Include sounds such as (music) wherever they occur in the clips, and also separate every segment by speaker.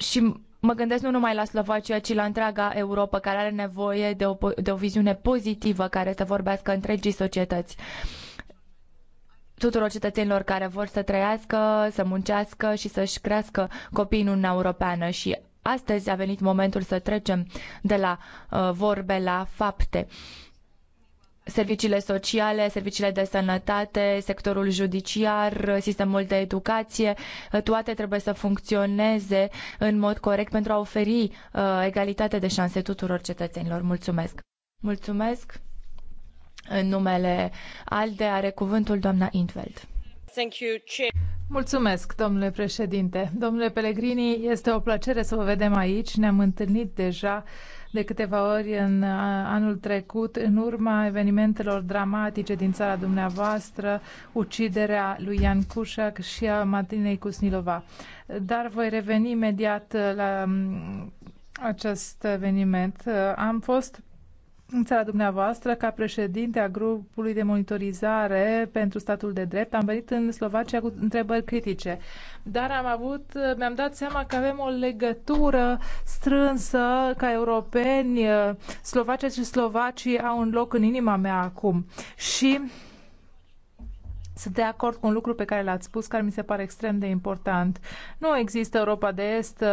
Speaker 1: Și mă gândesc nu numai la Slovacia, ci la întreaga Europa, care are nevoie de o, de o viziune pozitivă care să vorbească întregii societăți tuturor cetățenilor care vor să trăiască, să muncească și să-și crească copiii în Uniunea Europeană și astăzi a venit momentul să trecem de la uh, vorbe la fapte. Uh, serviciile sociale, serviciile de sănătate, sectorul judiciar, sistemul de educație, toate trebuie să funcționeze în mod corect pentru a oferi uh, egalitate de șanse tuturor cetățenilor. Mulțumesc! Mulțumesc! În numele ALDE are cuvântul doamna Intveld. Mulțumesc, domnule președinte. Domnule
Speaker 2: Pellegrini, este o plăcere să vă vedem aici. Ne-am întâlnit deja de câteva ori în anul trecut, în urma evenimentelor dramatice din țara dumneavoastră, uciderea lui Ian Cușac și a Matinei Cusnilova. Dar voi reveni imediat uh, la mm, acest eveniment. Uh, am fost în țara dumneavoastră, ca președinte a grupului de monitorizare pentru statul de drept, am venit în Slovacia cu întrebări critice. Dar am avut, mi-am dat seama că avem o legătură strânsă ca europeni. Slovacia și slovacii au un loc în inima mea acum. Și sunt de acord cu un lucru pe care l-ați spus, care mi se pare extrem de important. Nu există Europa de Est,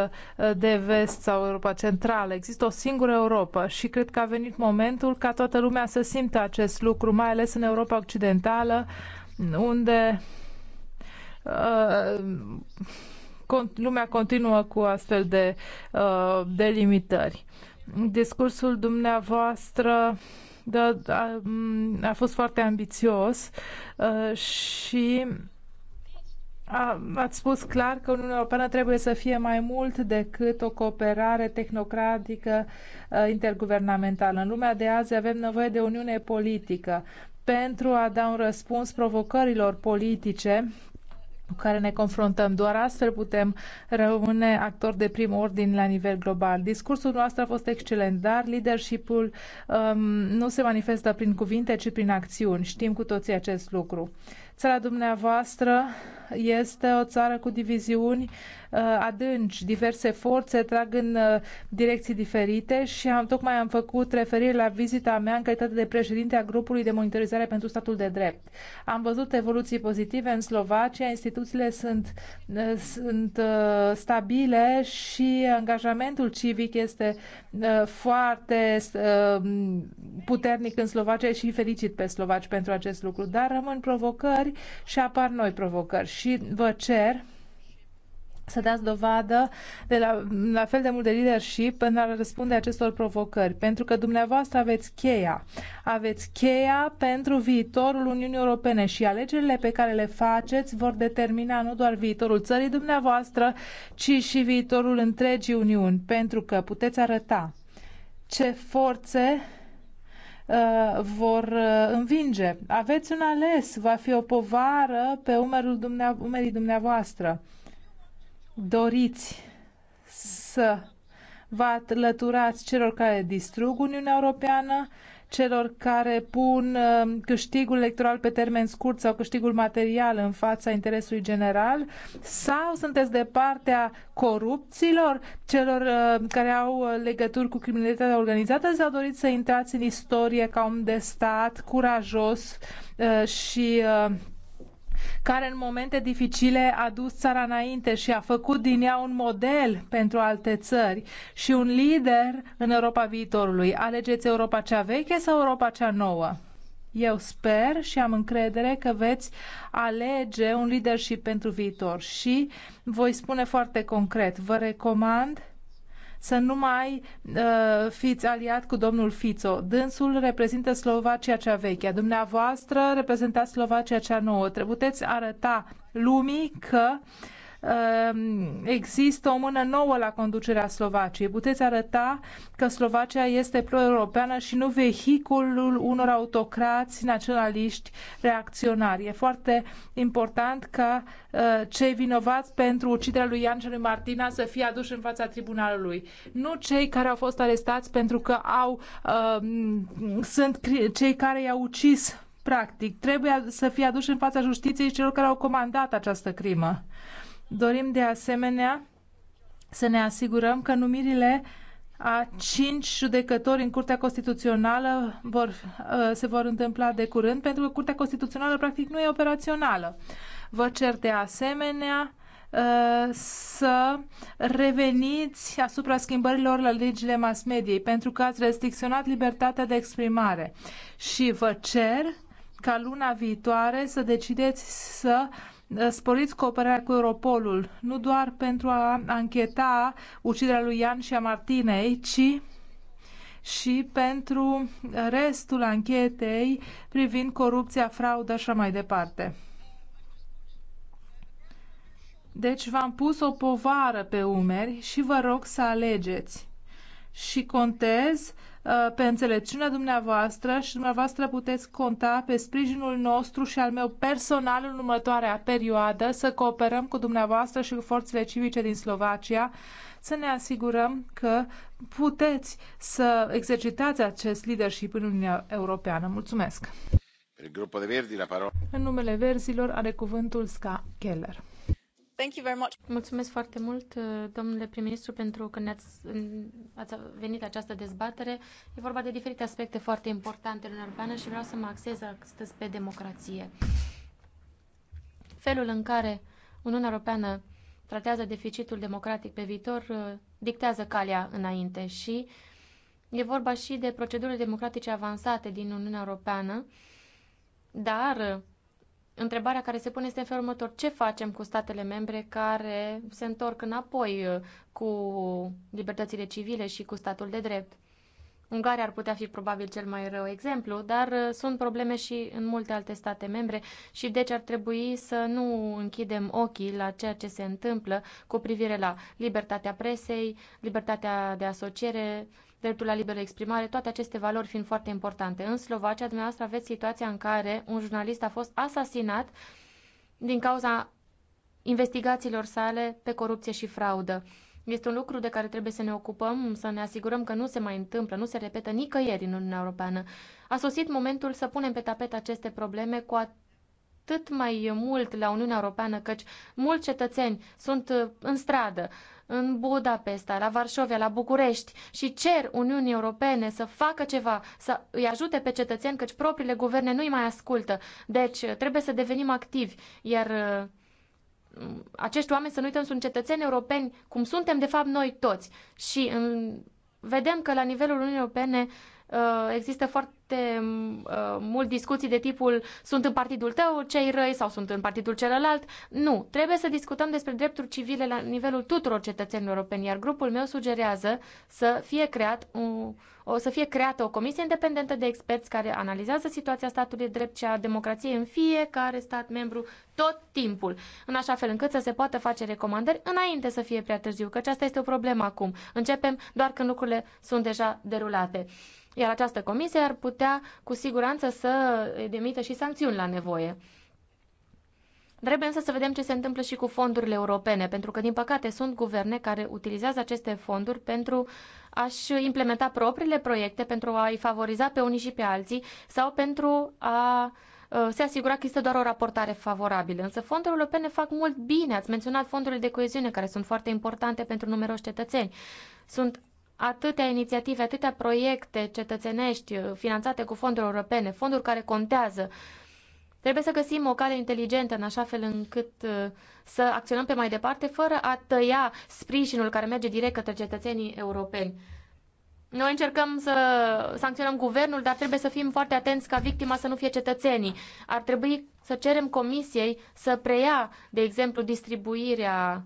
Speaker 2: de Vest sau Europa Centrală. Există o singură Europa și cred că a venit momentul ca toată lumea să simtă acest lucru, mai ales în Europa Occidentală, unde uh, lumea continuă cu astfel de uh, delimitări. Discursul dumneavoastră da, a, da, a fost foarte ambițios uh, și a, ați spus clar că Uniunea Europeană trebuie să fie mai mult decât o cooperare tehnocratică uh, interguvernamentală. În lumea de azi avem nevoie de Uniune politică pentru a da un răspuns provocărilor politice cu care ne confruntăm. Doar astfel putem rămâne actori de prim ordin la nivel global. Discursul nostru a fost excelent, dar leadership-ul um, nu se manifestă prin cuvinte, ci prin acțiuni. Știm cu toții acest lucru. Țara dumneavoastră este o țară cu diviziuni uh, adânci, diverse forțe trag în uh, direcții diferite și am, tocmai am făcut referire la vizita mea în calitate de președinte a grupului de monitorizare pentru statul de drept. Am văzut evoluții pozitive în Slovacia, instituțiile sunt, uh, sunt stabile și angajamentul civic este foarte puternic în Slovacia și felicit pe slovaci pentru acest lucru, dar rămân provocări și apar noi provocări și vă cer să dați dovadă de la, la fel de mult de leadership pentru a răspunde acestor provocări, pentru că dumneavoastră aveți cheia. Aveți cheia pentru viitorul Uniunii Europene și alegerile pe care le faceți vor determina nu doar viitorul țării dumneavoastră, ci și viitorul întregii Uniuni, pentru că puteți arăta ce forțe Uh, vor uh, învinge. Aveți un ales, va fi o povară pe umerul dumneav- umerii dumneavoastră. Doriți să vă alăturați celor care distrug Uniunea Europeană celor care pun uh, câștigul electoral pe termen scurt sau câștigul material în fața interesului general? Sau sunteți de partea corupților, celor uh, care au uh, legături cu criminalitatea organizată sau doriți să intrați în istorie ca om de stat curajos și care în momente dificile a dus țara înainte și a făcut din ea un model pentru alte țări și un lider în Europa viitorului. Alegeți Europa cea veche sau Europa cea nouă? Eu sper și am încredere că veți alege un leadership pentru viitor și voi spune foarte concret, vă recomand să nu mai uh, fiți aliat cu domnul Fico. Dânsul reprezintă Slovacia cea veche, dumneavoastră reprezentați Slovacia cea nouă. Puteți arăta lumii că uh, Ehm, există o mână nouă la conducerea Slovaciei. Puteți arăta că Slovacia este pro-europeană și nu vehiculul unor autocrați naționaliști reacționari. E foarte important ca eh, cei vinovați pentru uciderea lui Ian și lui Martina să fie aduși în fața tribunalului. Nu cei care au fost arestați pentru că au uh, sunt cei care i-au ucis practic. Trebuie să fie aduși în fața justiției celor care au comandat această crimă. Dorim de asemenea să ne asigurăm că numirile a cinci judecători în Curtea Constituțională vor, uh, se vor întâmpla de curând, pentru că Curtea Constituțională practic nu e operațională. Vă cer de asemenea uh, să reveniți asupra schimbărilor la legile mass mediei, pentru că ați restricționat libertatea de exprimare. Și vă cer ca luna viitoare să decideți să uh, sporiți cooperarea cu Europolul, nu doar pentru a ancheta uciderea lui Ian și a Martinei, ci și pentru restul anchetei privind corupția, fraudă și mai departe. Deci v-am pus o povară pe umeri și vă rog să alegeți. Și contez Uh, pe înțelepciunea dumneavoastră și dumneavoastră puteți conta pe sprijinul nostru și al meu personal în următoarea perioadă să cooperăm cu dumneavoastră și cu forțele civice din Slovacia să ne asigurăm că puteți să exercitați acest leadership în Uniunea Europeană. Mulțumesc! În numele verzilor are cuvântul Ska Keller.
Speaker 3: Mulțumesc foarte mult, uh, domnule prim-ministru, pentru că ne-ați ați venit la această dezbatere. E vorba de diferite aspecte foarte importante în Europeană și vreau să mă axez astăzi pe democrație. Felul în care Uniunea Europeană tratează deficitul democratic pe viitor uh, dictează calea înainte și e vorba și de procedurile democratice avansate din Uniunea Europeană, dar uh, Întrebarea care se pune este în felul următor. Ce facem cu statele membre care se întorc înapoi uh, cu libertățile civile și cu statul de drept? Ungaria ar putea fi probabil cel mai rău exemplu, dar uh, sunt probleme și în multe alte state membre și deci ar trebui să nu închidem ochii la ceea ce se întâmplă cu privire la libertatea presei, libertatea de asociere dreptul la liberă exprimare, toate aceste valori fiind foarte importante. În Slovacia, dumneavoastră aveți situația în care un jurnalist a fost asasinat din cauza investigațiilor sale pe corupție și fraudă. Este un lucru de care trebuie să ne ocupăm, să ne asigurăm că nu se mai întâmplă, nu se repetă nicăieri în Uniunea Europeană. A sosit momentul să punem pe tapet aceste probleme cu atât mai mult la Uniunea Europeană, căci mulți cetățeni sunt uh, în stradă, în Budapesta, la Varșovia, la București și cer Uniunii Europene să facă ceva, să îi ajute pe cetățeni, căci propriile guverne nu-i mai ascultă. Deci uh, trebuie să devenim activi, iar uh, mm, acești oameni, să nu uităm, sunt cetățeni europeni, cum suntem de fapt noi toți. Și în, mm, vedem că la nivelul Uniunii Europene uh, Uh, există foarte mm, uh, mult discuții de tipul sunt în partidul tău cei răi sau sunt în partidul celălalt. Nu, trebuie să discutăm despre drepturi civile la nivelul tuturor cetățenilor europeni, iar grupul meu sugerează să fie, creat un, o, să fie creată o comisie independentă de experți care analizează situația statului drept și a democrației în fiecare stat membru tot timpul, în așa fel încât să se poată face recomandări înainte să fie prea târziu, căci asta este o problemă acum. Începem doar când lucrurile sunt deja derulate. Iar această comisie ar putea cu siguranță să demită și sancțiuni la nevoie. Trebuie însă să vedem ce se întâmplă și cu fondurile europene, pentru că, din păcate, sunt guverne care utilizează aceste fonduri pentru a-și implementa propriile proiecte, pentru a-i favoriza pe unii și pe alții sau pentru a se asigura că este doar o raportare favorabilă. Însă fondurile europene fac mult bine. Ați menționat fondurile de coeziune, care sunt foarte importante pentru numeroși cetățeni. Sunt atâtea inițiative, atâtea proiecte cetățenești uh, finanțate cu fonduri europene, fonduri care contează. Trebuie să găsim o cale inteligentă în așa fel încât uh, să acționăm pe mai departe fără a tăia sprijinul care merge direct către cetățenii europeni. Noi încercăm să sancționăm guvernul, dar trebuie să fim foarte atenți ca victima să nu fie cetățenii. Ar trebui să cerem comisiei să preia, de exemplu, distribuirea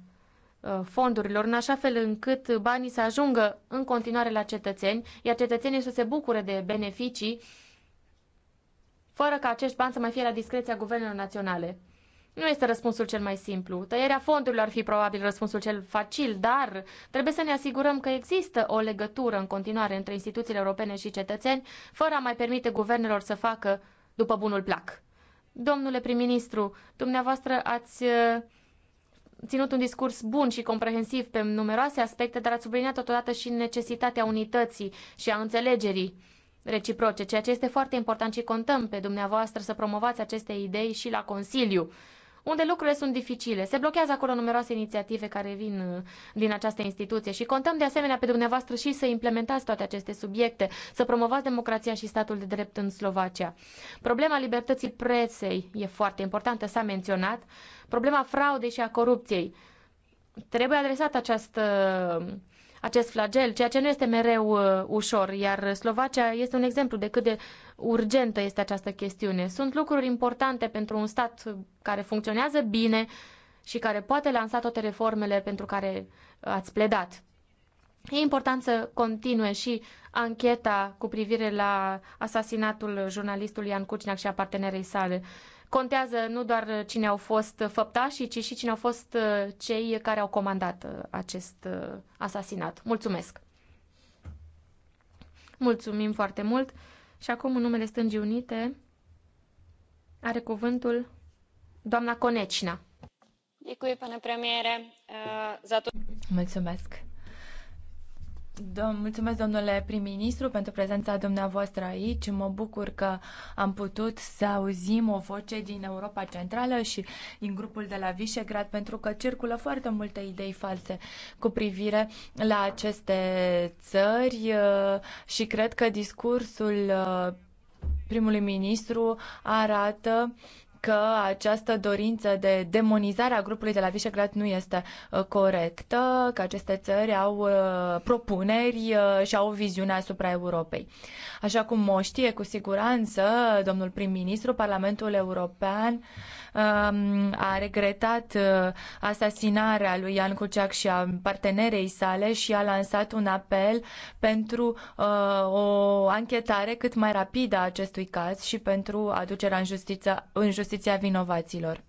Speaker 3: Uh, fondurilor, în așa fel încât banii să ajungă în continuare la cetățeni, iar cetățenii să se bucure de beneficii, fără ca acești bani să mai fie la discreția guvernelor naționale. Nu este răspunsul cel mai simplu. Tăierea fondurilor ar fi probabil răspunsul cel facil, dar trebuie să ne asigurăm că există o legătură în continuare între instituțiile europene și cetățeni, fără a mai permite guvernelor să facă după bunul plac. Domnule prim-ministru, dumneavoastră ați uh, ținut un discurs bun și comprehensiv pe numeroase aspecte, dar a subliniat totodată și necesitatea unității și a înțelegerii reciproce, ceea ce este foarte important și contăm pe dumneavoastră să promovați aceste idei și la Consiliu unde lucrurile sunt dificile. Se blochează acolo numeroase inițiative care vin uh, din această instituție și contăm de asemenea pe dumneavoastră și să implementați toate aceste subiecte, să promovați democrația și statul de drept în Slovacia. Problema libertății presei e foarte importantă, s-a menționat. Problema fraudei și a corupției. Trebuie adresat această acest flagel, ceea ce nu este mereu uh, ușor, iar Slovacia este un exemplu de cât de urgentă este această chestiune. Sunt lucruri importante pentru un stat care funcționează bine și care poate lansa toate reformele pentru care ați pledat. E important să continue și ancheta cu privire la asasinatul jurnalistului Ian Cucinac și a partenerei sale. Contează nu doar cine au fost făptașii, ci și cine au fost uh, cei care au comandat uh, acest uh, asasinat. Mulțumesc! Mulțumim foarte mult! Și acum, în numele Stângii Unite, are cuvântul doamna Conecina. Eh,
Speaker 1: Mulțumesc mulțumesc, domnule prim-ministru, pentru prezența dumneavoastră aici. Mă bucur că am putut să auzim o voce din Europa Centrală și din grupul de la Visegrad, pentru că circulă foarte multe idei false cu privire la aceste țări uh, și cred că discursul uh, primului ministru arată că această dorință de demonizare a grupului de la Visegrad nu este uh, corectă, că aceste țări au uh, propuneri uh, și au o viziune asupra Europei. Așa cum o știe cu siguranță domnul prim-ministru, Parlamentul European um, a regretat asasinarea lui Ian Cuciac și a partenerei sale și a lansat un apel pentru o anchetare cât mai rapidă a acestui caz și pentru aducerea în justiție, în justiție justiția vinovaților.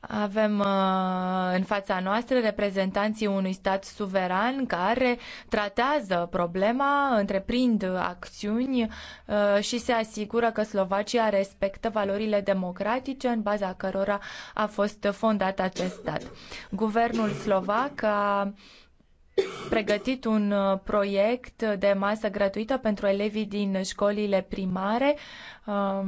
Speaker 1: Avem uh, în fața noastră reprezentanții unui stat suveran care tratează problema, întreprind acțiuni uh, și se asigură că Slovacia respectă valorile democratice în baza cărora a fost fondat acest stat. Guvernul slovac a pregătit un uh, proiect de masă gratuită pentru elevii din școlile primare. Um,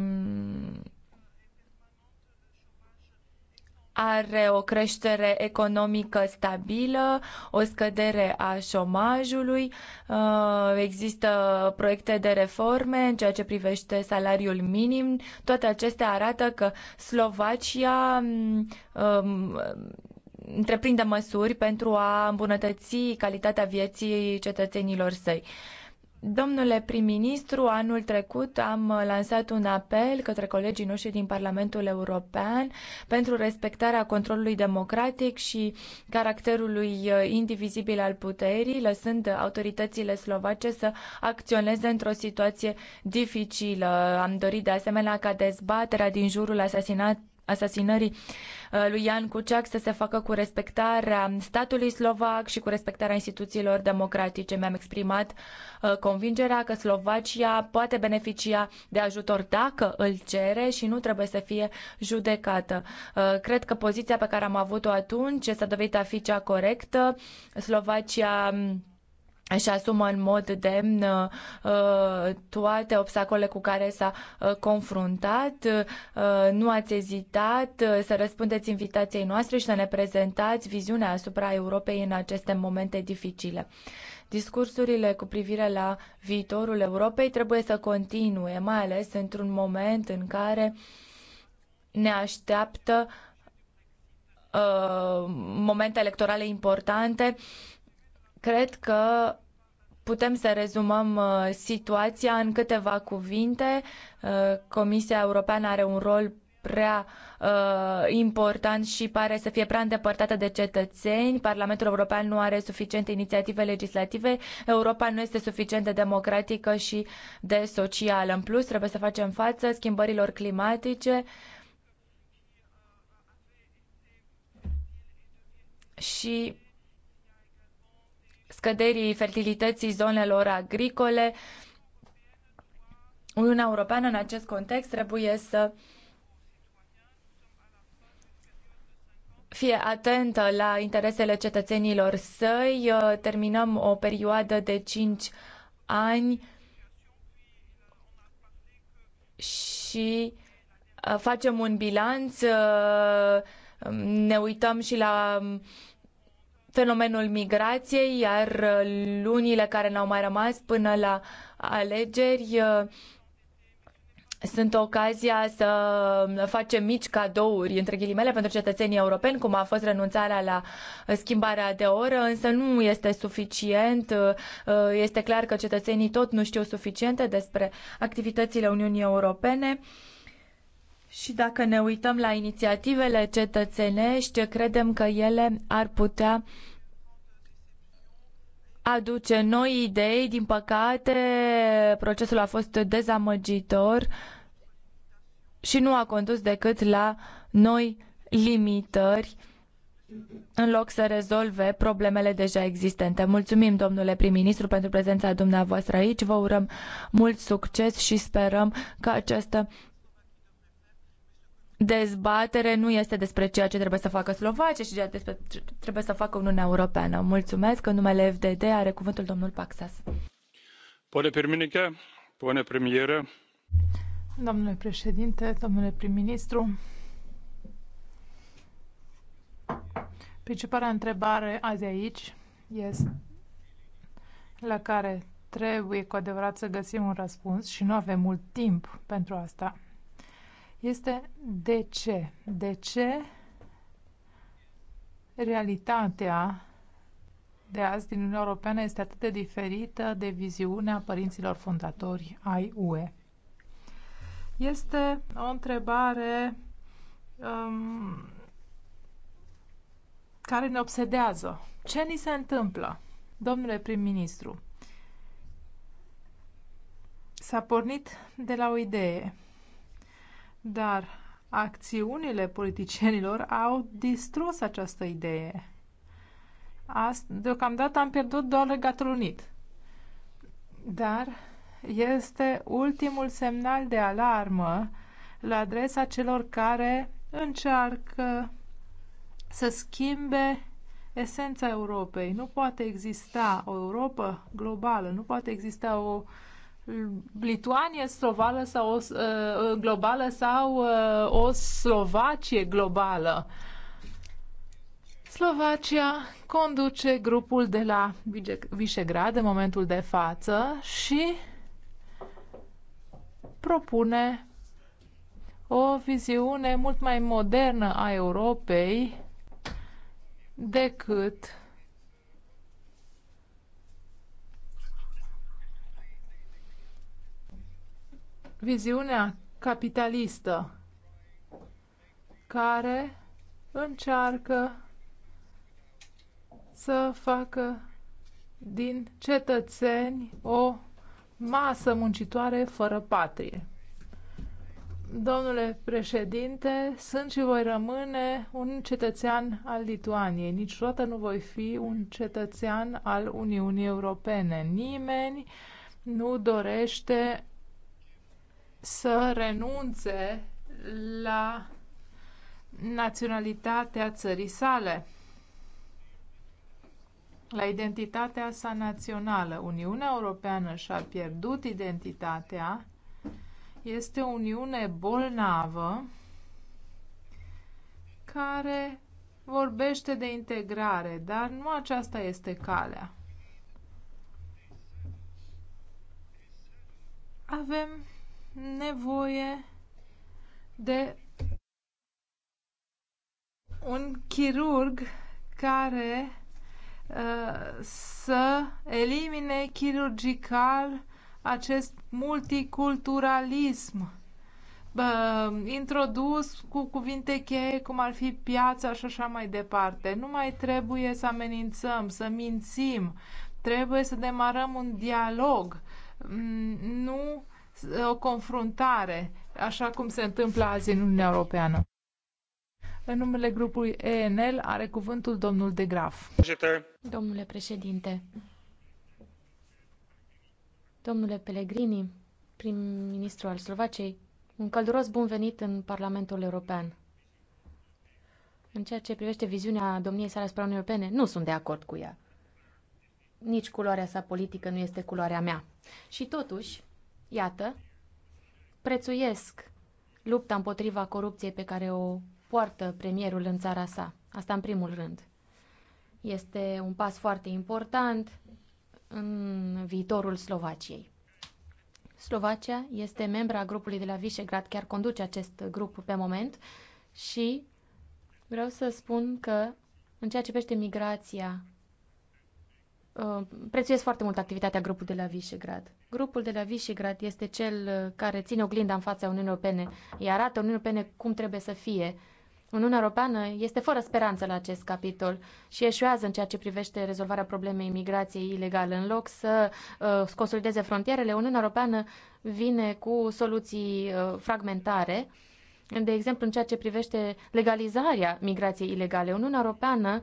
Speaker 1: are o creștere economică stabilă, o scădere a șomajului, uh, există proiecte de reforme în ceea ce privește salariul minim. Toate acestea arată că Slovacia um, um, întreprinde măsuri pentru a îmbunătăți calitatea vieții cetățenilor săi. Domnule prim-ministru, anul trecut am lansat un apel către colegii noștri din Parlamentul European pentru respectarea controlului democratic și caracterului uh, indivizibil al puterii, lăsând autoritățile slovace să acționeze într-o situație dificilă. Am dorit de asemenea ca dezbaterea din jurul asasinat asasinării uh, lui Ian Cuciac să se facă cu respectarea statului slovac și cu respectarea instituțiilor democratice. Mi-am exprimat uh, convingerea că Slovacia poate beneficia de ajutor dacă îl cere și nu trebuie să fie judecată. Uh, cred că poziția pe care am avut-o atunci s-a dovedit a fi cea corectă. Slovacia mm, își asumă în mod demn uh, toate obstacolele cu care s-a uh, confruntat. Uh, nu ați ezitat să răspundeți invitației noastre și să ne prezentați viziunea asupra Europei în aceste momente dificile. Discursurile cu privire la viitorul Europei trebuie să continue, mai ales într-un moment în care ne așteaptă uh, momente electorale importante. Cred că putem să rezumăm uh, situația în câteva cuvinte. Uh, Comisia Europeană are un rol prea uh, important și pare să fie prea îndepărtată de cetățeni. Parlamentul European nu are suficiente inițiative legislative, Europa nu este suficient de democratică și de socială. În plus, trebuie să facem față schimbărilor climatice și scăderii fertilității zonelor agricole. Uniunea Europeană în acest context trebuie să fie atentă la interesele cetățenilor săi. Terminăm o perioadă de cinci ani și uh, facem un bilanț, uh, ne uităm și la fenomenul migrației, iar uh, lunile care ne-au mai rămas până la alegeri uh, sunt ocazia să uh, facem mici cadouri, între ghilimele, pentru cetățenii europeni, cum a fost renunțarea la schimbarea de oră, însă nu este suficient. Este clar că cetățenii tot nu știu suficiente despre activitățile Uniunii Europene. Și dacă ne uităm la inițiativele cetățenești, credem că ele ar putea aduce noi idei. Din păcate, procesul a fost dezamăgitor și nu a condus decât la noi limitări în loc să rezolve problemele deja existente. Mulțumim, domnule prim-ministru, pentru prezența dumneavoastră aici. Vă urăm mult succes și sperăm că această dezbatere nu este despre ceea ce trebuie să facă Slovacia, ci despre ce trebuie să facă Uniunea Europeană. Mulțumesc. În numele FDD are cuvântul domnul Paxas.
Speaker 4: Pone pirminică, pone premieră.
Speaker 1: Domnule președinte,
Speaker 2: domnule prim-ministru, principala întrebare azi aici este la care trebuie cu adevărat să găsim un răspuns și nu avem mult timp pentru asta este de ce. De ce realitatea de azi din Uniunea Europeană este atât de diferită de viziunea părinților fondatori ai UE? Este o întrebare um, care ne obsedează. Ce ni se întâmplă, domnule prim-ministru? S-a pornit de la o idee dar acțiunile politicienilor au distrus această idee. Deocamdată am pierdut doar Regatul Unit. Dar este ultimul semnal de alarmă la adresa celor care încearcă să schimbe esența Europei. Nu poate exista o Europa globală, nu poate exista o Lituanie slovală sau o, uh, uh, globală sau uh, o Slovacie globală. Slovacia conduce grupul de la Visegrad în momentul de față și propune o viziune mult mai modernă a Europei decât viziunea capitalistă care încearcă să facă din cetățeni o masă muncitoare fără patrie. Domnule președinte, sunt și voi rămâne un cetățean al Lituaniei. Niciodată nu voi fi un cetățean al Uniunii Europene. Nimeni nu dorește să renunțe la naționalitatea țării sale, la identitatea sa națională. Uniunea Europeană și-a pierdut identitatea, este o uniune bolnavă care vorbește de integrare, dar nu aceasta este calea. Avem nevoie de un chirurg care uh, să elimine chirurgical acest multiculturalism bă, uh, introdus cu cuvinte cheie cum ar fi piața și așa mai departe. Nu mai trebuie să amenințăm, să mințim, trebuie să demarăm un dialog, mm, nu o confruntare, așa cum se întâmplă azi în Uniunea Europeană. În numele grupului ENL are cuvântul domnul
Speaker 3: De Graf. Domnule președinte, domnule Pellegrini, prim-ministru al Slovaciei, un călduros bun venit în Parlamentul European. În ceea ce privește viziunea domniei sale asupra Uniunii Europene, nu sunt de acord cu ea. Nici culoarea sa politică nu este culoarea mea. Și totuși, Iată, prețuiesc lupta împotriva corupției pe care o poartă premierul în țara sa. Asta în primul rând. Este un pas foarte important în viitorul Slovaciei. Slovacia este membra a grupului de la Visegrad, chiar conduce acest grup pe moment și vreau să spun că în ceea ce privește migrația Uh, prețuiesc foarte mult activitatea grupului de la Visegrad. Grupul de la Visegrad este cel uh, care ține oglinda în fața Uniunii Europene, îi arată Uniunii Europene cum trebuie să fie. Uniunea Europeană este fără speranță la acest capitol și eșuează în ceea ce privește rezolvarea problemei imigrației ilegale. În loc să uh, consolideze frontierele, Uniunea Europeană vine cu soluții uh, fragmentare. De exemplu, în ceea ce privește legalizarea migrației ilegale, Uniunea Europeană uh,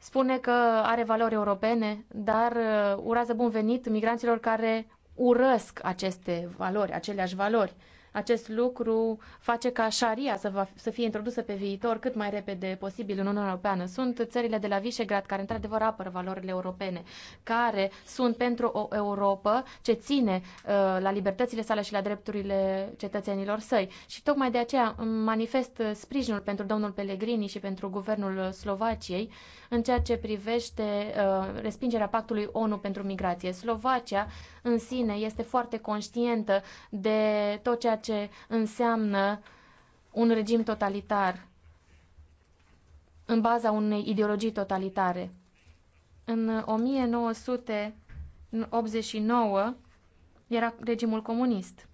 Speaker 3: spune că are valori europene, dar uh, urează bun venit migranților care urăsc aceste valori, aceleași valori. Acest lucru face ca șaria să, va, să fie introdusă pe viitor cât mai repede posibil în Uniunea Europeană. Sunt țările de la Visegrad care într-adevăr apără valorile europene, care sunt pentru o Europa ce ține uh, la libertățile sale și la drepturile cetățenilor săi. Și tocmai de aceea manifest sprijinul pentru domnul Pellegrini și pentru guvernul Slovaciei în ceea ce privește uh, respingerea pactului ONU pentru migrație. Slovacia în sine este foarte conștientă de tot ceea ce ce înseamnă un regim totalitar în baza unei ideologii totalitare. În 1989 era regimul comunist.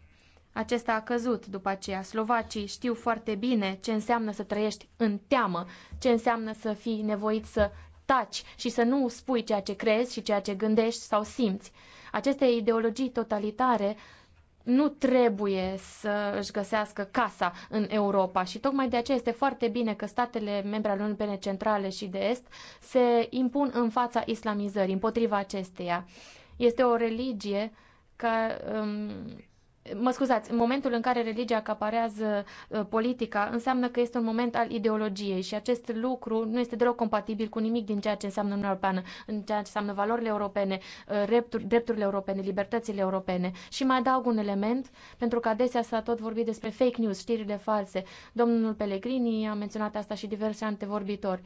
Speaker 3: Acesta a căzut după aceea. Slovacii știu foarte bine ce înseamnă să trăiești în teamă, ce înseamnă să fii nevoit să taci și să nu spui ceea ce crezi și ceea ce gândești sau simți. Aceste ideologii totalitare nu trebuie să își găsească casa în Europa și tocmai de aceea este foarte bine că statele membre ale Uniunii Europene Centrale și de Est se impun în fața islamizării, împotriva acesteia. Este o religie ca, um, mă scuzați, în momentul în care religia acaparează uh, politica, înseamnă că este un moment al ideologiei și acest lucru nu este deloc compatibil cu nimic din ceea ce înseamnă Uniunea Europeană, în ceea ce înseamnă valorile europene, uh, drepturile europene, libertățile europene. Și mai adaug un element, pentru că adesea s-a tot vorbit despre fake news, știrile false. Domnul Pellegrini a menționat asta și diverse antevorbitori. vorbitori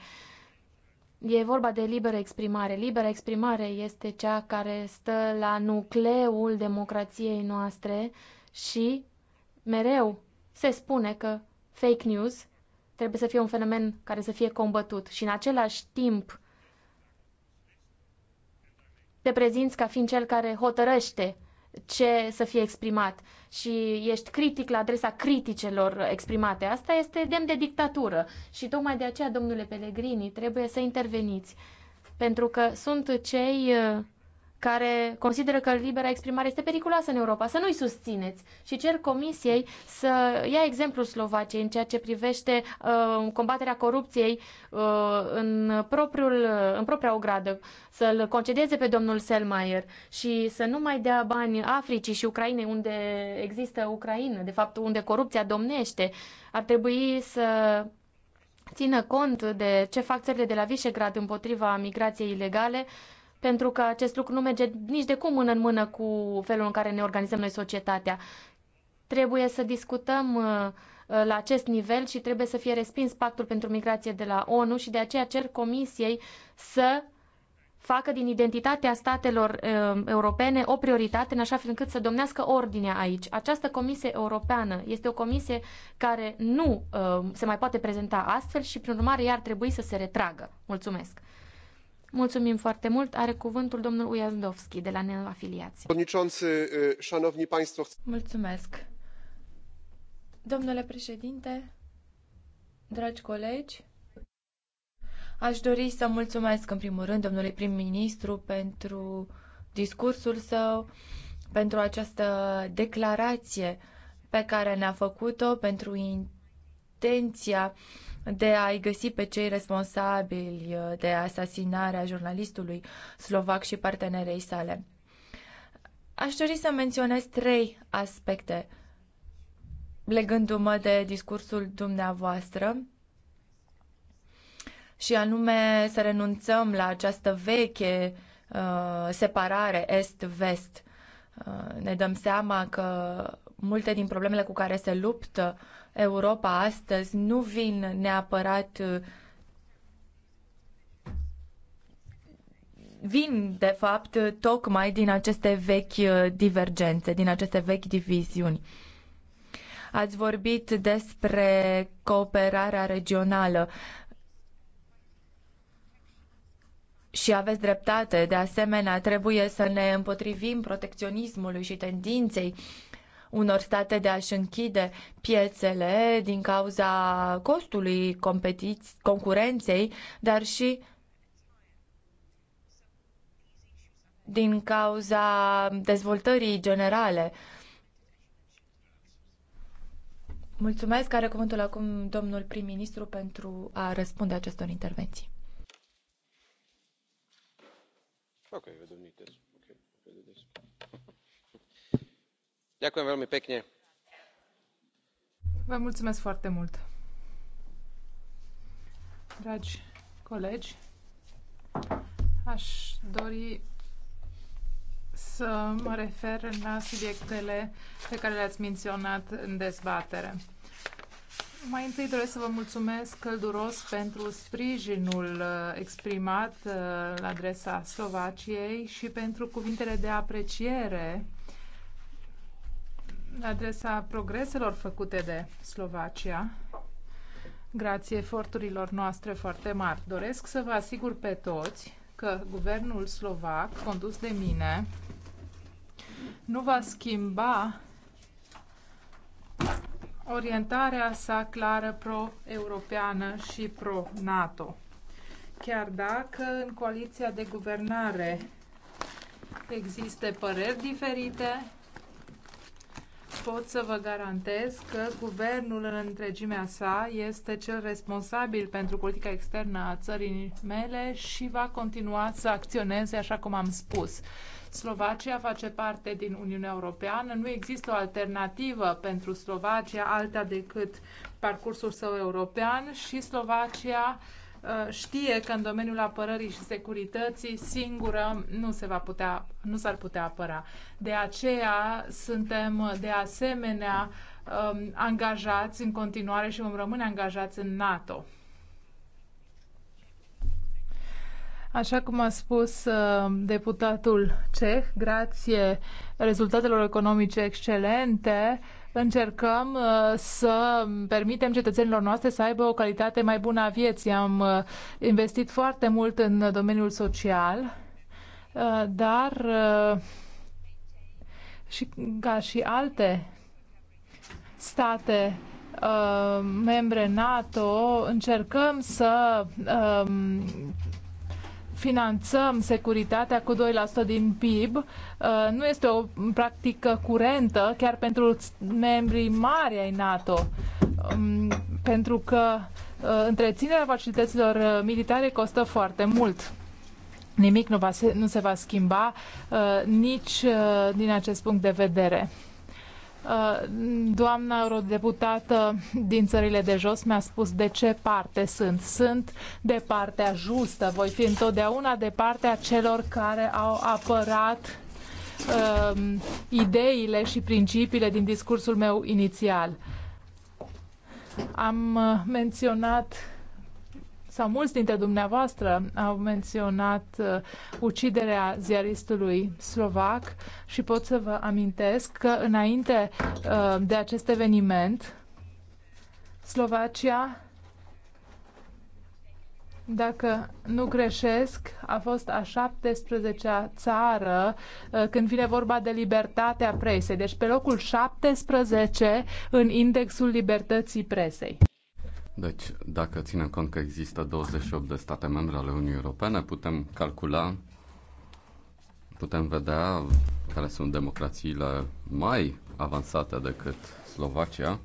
Speaker 3: E vorba de liberă exprimare. Liberă exprimare este cea care stă la nucleul democrației noastre și mereu se spune că fake news trebuie să fie un fenomen care să fie combătut și în același timp te prezinți ca fiind cel care hotărăște ce să fie exprimat și ești critic la adresa criticelor exprimate. Asta este demn de dictatură și tocmai de aceea, domnule Pellegrini, trebuie să interveniți pentru că sunt cei uh, care consideră că libera exprimare este periculoasă în Europa, să nu-i susțineți și cer comisiei să ia exemplul Slovaciei în ceea ce privește uh, combaterea corupției uh, în, propriul, în propria ogradă, să-l concedeze pe domnul Selmayr și să nu mai dea bani Africii și Ucrainei unde există Ucraina, de fapt unde corupția domnește. Ar trebui să țină cont de ce fac țările de la Visegrad împotriva migrației ilegale uh, pentru că acest lucru nu merge nici de cum mână în mână cu felul în care ne organizăm noi societatea. Trebuie să discutăm uh, uh, la acest nivel și trebuie să fie respins pactul pentru migrație de la ONU și de aceea cer Comisiei să facă din identitatea statelor uh, europene o prioritate în așa fel încât să domnească ordinea aici. Această comisie europeană este o comisie care nu uh, se mai poate prezenta astfel și prin urmare ea ar trebui să se retragă. Mulțumesc! Mulțumim foarte mult. Are cuvântul domnul Ujazdowski de la Afiliați. Mulțumesc. Domnule
Speaker 1: președinte, dragi colegi, aș dori să mulțumesc în primul rând domnului prim-ministru pentru discursul său, pentru această declarație pe care ne-a făcut-o, pentru intenția de a-i găsi pe cei responsabili uh, de asasinarea jurnalistului slovac și partenerei sale. Aș dori să menționez trei aspecte legându-mă de discursul dumneavoastră și anume să renunțăm la această veche uh, separare est-vest. Uh, ne dăm seama că multe din problemele cu care se luptă Europa astăzi nu vin neapărat vin de fapt tocmai din aceste vechi divergențe, din aceste vechi diviziuni. Ați vorbit despre cooperarea regională și aveți dreptate. De asemenea, trebuie să ne împotrivim protecționismului și tendinței uh, unor state de a-și închide piețele din cauza costului concurenței, dar și din cauza dezvoltării generale. Mulțumesc. Are cuvântul acum domnul prim-ministru pentru a răspunde acestor intervenții.
Speaker 5: Okay,
Speaker 2: vă mulțumesc foarte mult dragi colegi aș dori să mă refer la subiectele pe care le-ați menționat în dezbatere. Mai întâi doresc să vă mulțumesc călduros pentru sprijinul uh, exprimat uh, la adresa Slovaciei și pentru cuvintele de apreciere la adresa progreselor făcute de Slovacia, grație eforturilor noastre foarte mari. Doresc să vă asigur pe toți că guvernul slovac, condus de mine, nu va schimba orientarea sa clară pro-europeană și pro-NATO. Chiar dacă în coaliția de guvernare există păreri diferite, pot să vă garantez că guvernul în întregimea sa este cel responsabil pentru politica externă a țării mele și va continua să acționeze așa cum am spus. Slovacia face parte din Uniunea Europeană. Nu există o alternativă pentru Slovacia alta decât parcursul său european și Slovacia uh, Uh, știe că în domeniul apărării și securității singură nu se va putea, nu s-ar putea apăra. De aceea suntem uh, de asemenea um, angajați în continuare și vom rămâne angajați în NATO. Așa cum a spus uh, deputatul ceh, grație rezultatelor economice excelente, încercăm uh, să permitem cetățenilor noastre să aibă o calitate mai bună a vieții. Am uh, investit foarte mult în domeniul social, uh, dar și ca și alte state membre NATO, încercăm să um, finanțăm securitatea cu 2% din PIB. Uh, nu este o practică curentă chiar pentru membrii mari ai NATO, um, pentru că uh, întreținerea facilităților uh, militare costă foarte mult. Nimic nu, va, nu se va schimba nici din acest punct de vedere. Uh, doamna eurodeputată din țările de jos mi-a spus de ce parte sunt. Sunt de partea justă. Voi fi întotdeauna de partea celor care au apărat uh, ideile și principiile din discursul meu inițial. Am uh, menționat sau mulți dintre dumneavoastră au menționat uh, uciderea ziaristului slovac și pot să vă amintesc că înainte uh, de acest eveniment, Slovacia, dacă nu greșesc, a fost a 17-a țară uh, când vine vorba de libertatea presei. Deci pe locul 17 în indexul libertății presei.
Speaker 5: Deci, dacă ținem cont că există 28 de state membre ale Uniunii Europene, putem calcula, putem vedea care sunt democrațiile mai avansate decât Slovacia.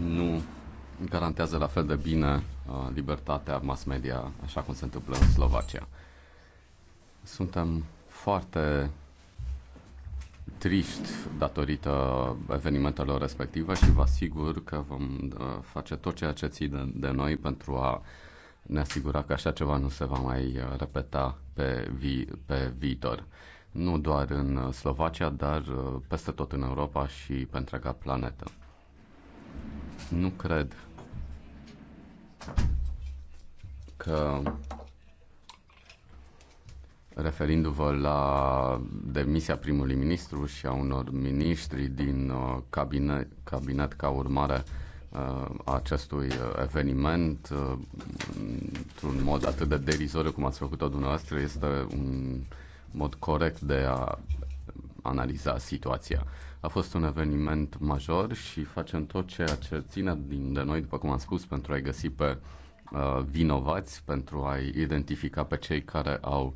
Speaker 5: Nu garantează la fel de bine libertatea mass media, așa cum se întâmplă în Slovacia. Suntem foarte triști datorită evenimentelor respective și vă asigur că vom uh, face tot ceea ce ține de noi pentru a ne asigura că așa ceva nu se va mai uh, repeta pe, vi- pe viitor. Nu doar în uh, Slovacia, dar peste tot în Europa și pe întreaga planetă. Nu cred că referindu-vă la demisia primului ministru și a unor miniștri din uh, cabinet, cabinet ca urmare uh, a acestui uh, eveniment într-un mod atât de derizoriu cum ați făcut-o dumneavoastră este un mod corect de a analiza situația. A fost un eveniment major și facem tot ceea ce ține din de noi, după cum am spus, pentru a-i găsi pe uh, vinovați, pentru a-i identifica pe cei care au uh,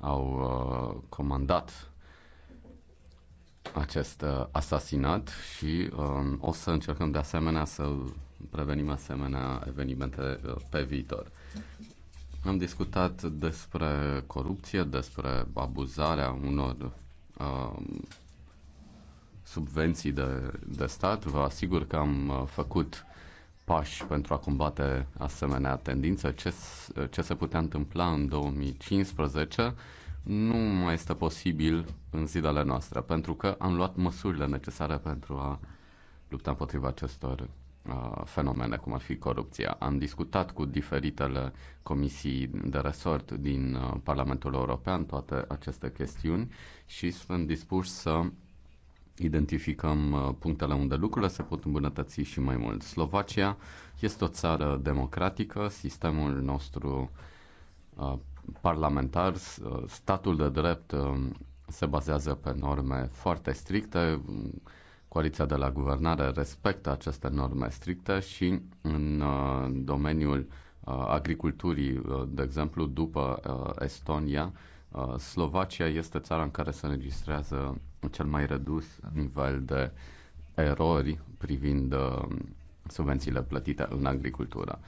Speaker 5: au uh, comandat acest uh, asasinat și uh, o să încercăm de asemenea să prevenim asemenea evenimente uh, pe viitor. Am discutat despre corupție, despre abuzarea unor uh, subvenții de, de stat. Vă asigur că am uh, făcut pași pentru a combate asemenea tendință. Ce, ce se putea întâmpla în 2015 nu mai este posibil în zilele noastre, pentru că am luat măsurile necesare pentru a lupta împotriva acestor uh, fenomene, cum ar fi corupția. Am discutat cu diferitele comisii de resort din uh, Parlamentul European toate aceste chestiuni și sunt dispuși să identificăm uh, punctele unde lucrurile se pot îmbunătăți și mai mult. Slovacia este o țară democratică, sistemul nostru uh, parlamentar, uh, statul de drept se bazează pe norme foarte stricte, mm, coaliția de la guvernare respectă aceste norme stricte și în domeniul agriculturii, de exemplu, după Estonia, Uh, Slovacia este țara în care se înregistrează cel mai redus nivel de erori privind uh, subvențiile plătite în agricultură.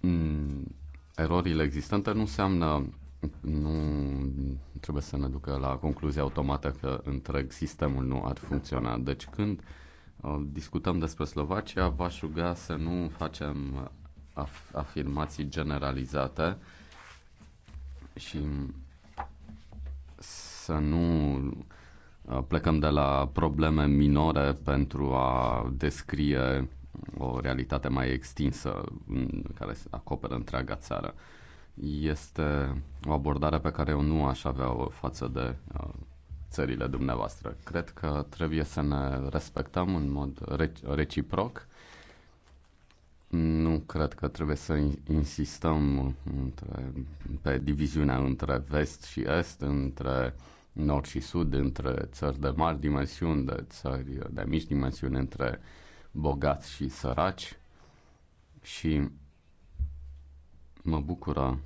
Speaker 5: Mm, erorile existente nu înseamnă nu trebuie să ne ducă la concluzia automată că întreg sistemul nu ar funcționa. Deci când uh, discutăm despre Slovacia, v-aș ruga să nu facem af- afirmații generalizate uh, și să nu uh, plecăm de la probleme minore pentru a descrie o realitate mai extinsă care acoperă întreaga țară. Este o abordare pe care eu nu aș avea-o față de uh, țările dumneavoastră. Cred că trebuie să ne respectăm în mod reciproc nu cred că trebuie să insistăm între, pe diviziunea între vest și est, între nord și sud, între țări de mari dimensiuni, de țări de mici dimensiuni, între bogați și săraci. Și mă bucură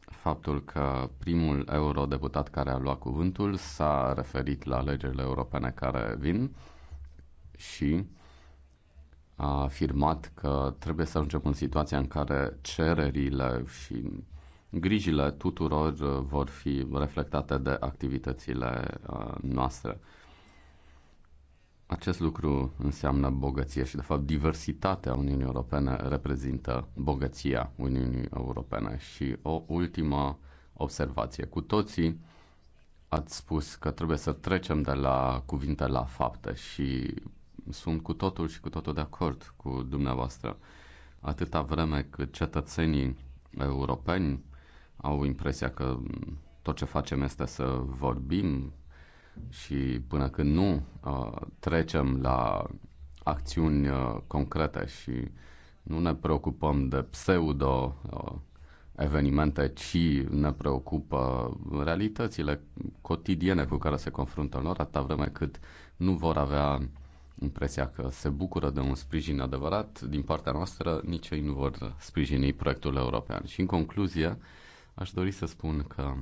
Speaker 5: faptul că primul eurodeputat care a luat cuvântul s-a referit la alegerile europene care vin și a afirmat că trebuie să ajungem în situația în care cererile și grijile tuturor uh, vor fi reflectate de activitățile uh, noastre. Acest lucru înseamnă bogăție și, de fapt, diversitatea Uniunii Europene reprezintă bogăția Uniunii Europene. Și o ultimă observație. Cu toții ați spus că trebuie să trecem de la cuvinte la fapte și sunt cu totul și cu totul de acord cu dumneavoastră. Atâta vreme cât cetățenii europeni au impresia că tot ce facem este să vorbim și până când nu ă, trecem la acțiuni ă, concrete și nu ne preocupăm de pseudo ă, evenimente, ci ne preocupă realitățile cotidiene cu care se confruntă lor, atâta vreme cât nu vor avea impresia că se bucură de un sprijin adevărat din partea noastră, nici ei nu vor sprijini proiectul european. Și în concluzie, aș dori să spun că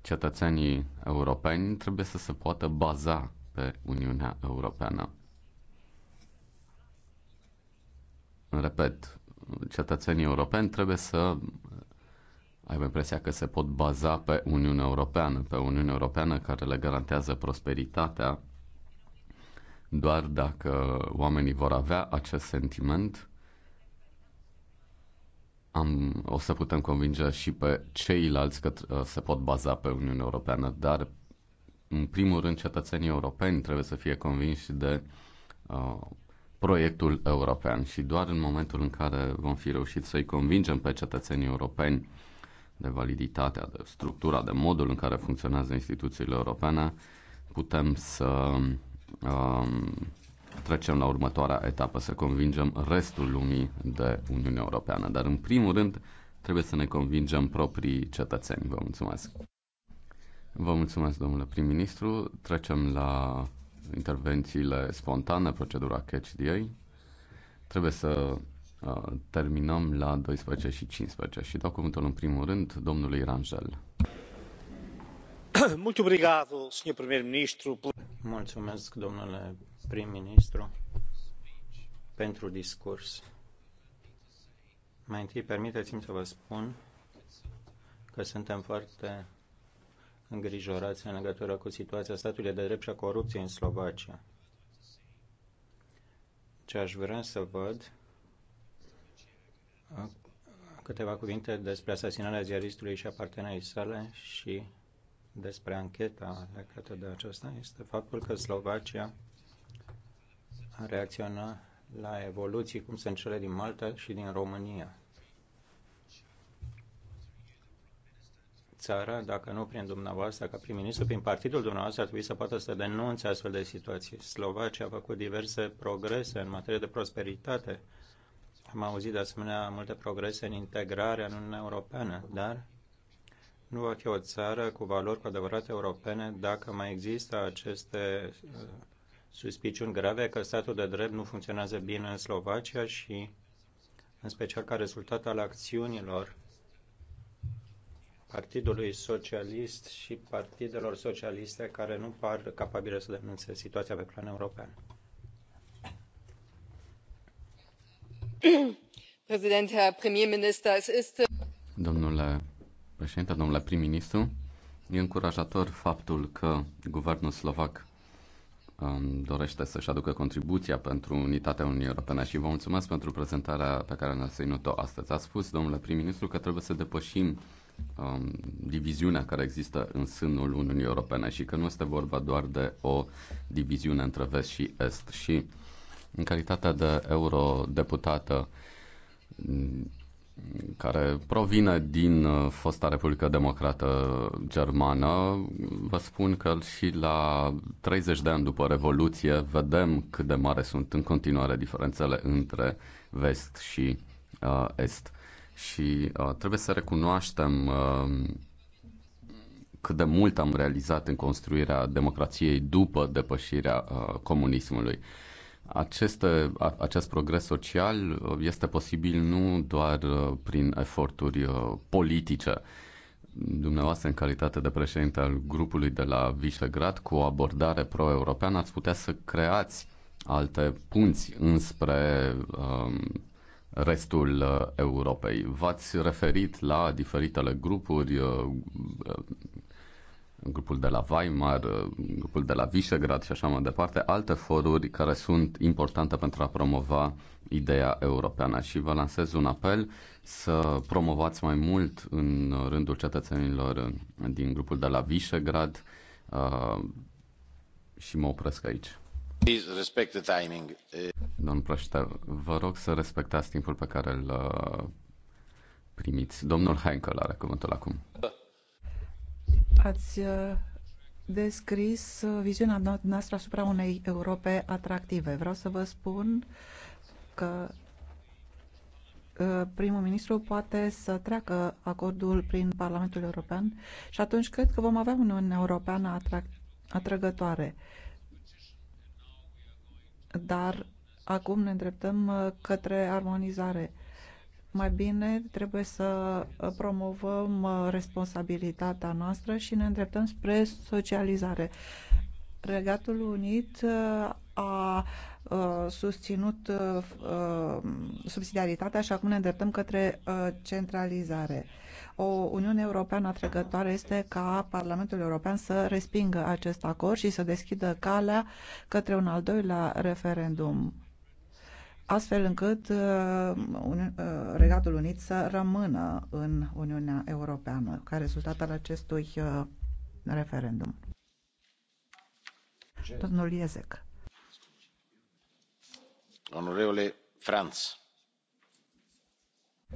Speaker 5: cetățenii europeni trebuie să se poată baza pe Uniunea Europeană. Repet, cetățenii europeni trebuie să aibă impresia că se pot baza pe Uniunea Europeană, pe Uniunea Europeană care le garantează prosperitatea doar dacă oamenii vor avea acest sentiment, am, o să putem convinge și pe ceilalți că uh, se pot baza pe Uniunea Europeană, dar în primul rând cetățenii europeni trebuie să fie convinși de uh, proiectul european și doar în momentul în care vom fi reușit să-i convingem pe cetățenii europeni de validitatea, de structura, de modul în care funcționează instituțiile europene, putem să um, trecem la următoarea etapă, să convingem restul lumii de Uniunea Europeană. Dar, în primul rând, trebuie să ne convingem proprii cetățeni. Vă mulțumesc! Vă mulțumesc, domnule prim-ministru. Trecem la intervențiile spontane, procedura catch the Trebuie să uh, terminăm la 12 și 15 și dau cuvântul în primul rând domnului Rangel.
Speaker 6: Mulțumesc, domnule prim-ministru, pentru discurs. Mai întâi, permiteți-mi să vă spun că suntem foarte îngrijorați în legătură cu situația statului de drept și a corupției în Slovacia. Ce aș vrea să văd câteva cuvinte despre asasinarea ziaristului și a partenerii sale și despre ancheta legată de aceasta este faptul că Slovacia a reacționat la evoluții cum sunt cele din Malta și din România. Țara, dacă nu prin dumneavoastră ca prim-ministru, prin partidul dumneavoastră ar trebui să poată să denunțe astfel de situații. Slovacia a făcut diverse progrese în materie de prosperitate. Am auzit de asemenea multe progrese în integrarea în Uniunea Europeană, dar nu va fi o țară cu valori cu adevărat europene dacă mai există aceste uh, suspiciuni grave că statul de drept nu funcționează bine în Slovacia și în special ca rezultat al acțiunilor Partidului Socialist și partidelor socialiste care nu par capabile să denunțe situația pe plan european. Präsident, Herr Premierminister, es ist
Speaker 5: președinte, domnule prim-ministru. E încurajator faptul că guvernul slovac um, dorește să-și aducă contribuția pentru unitatea Uniunii Europene și vă mulțumesc pentru prezentarea pe care ne-a ținut-o astăzi. A spus, domnule prim-ministru, că trebuie să depășim um, diviziunea care există în sânul Uniunii Europene și că nu este vorba doar de o diviziune între vest și est. Și în calitatea de eurodeputată care provine din uh, fosta Republică Democrată Germană, vă spun că și la 30 de ani după Revoluție vedem cât de mare sunt în continuare diferențele între vest și uh, est. Și uh, trebuie să recunoaștem uh, cât de mult am realizat în construirea democrației după depășirea uh, comunismului. Uh, aceste, acest progres social uh, este posibil nu doar uh, prin eforturi uh, politice. Dumneavoastră, în calitate de președinte al grupului de la Visegrad, cu o abordare pro-europeană, ați putea să creați alte punți înspre um, restul Europei. V-ați referit la diferitele grupuri, grupul de la Weimar, uh, grupul de la Visegrad și așa mai departe, alte foruri care sunt importante pentru a promova ideea europeană. Și vă lansez un apel să promovați mai mult în rândul cetățenilor din grupul de la Visegrad uh, și mă opresc aici. Please
Speaker 6: respect the timing.
Speaker 5: Domnul președinte, vă rog să respectați timpul pe care îl uh, primiți. Domnul Heinkel are cuvântul acum. Uh.
Speaker 4: Ați uh, descris uh, viziunea noastră asupra unei Europe atractive. Vreau să vă spun că uh, primul ministru poate să treacă acordul prin Parlamentul European și atunci cred că vom avea Uniunea Europeană atrăgătoare. Dar acum ne îndreptăm către armonizare mai bine trebuie să uh, promovăm uh, responsabilitatea noastră și ne îndreptăm spre socializare. Regatul Unit uh, a susținut subsidiaritatea și acum ne îndreptăm către centralizare. O Uniune Europeană atrăgătoare este ca Parlamentul European să respingă acest acord și să deschidă calea către un al doilea referendum astfel încât uh, uh, Regatul Unit să rămână în Uniunea Europeană ca rezultat al acestui uh, referendum. Domnul Iezec.
Speaker 6: Onorele Franz.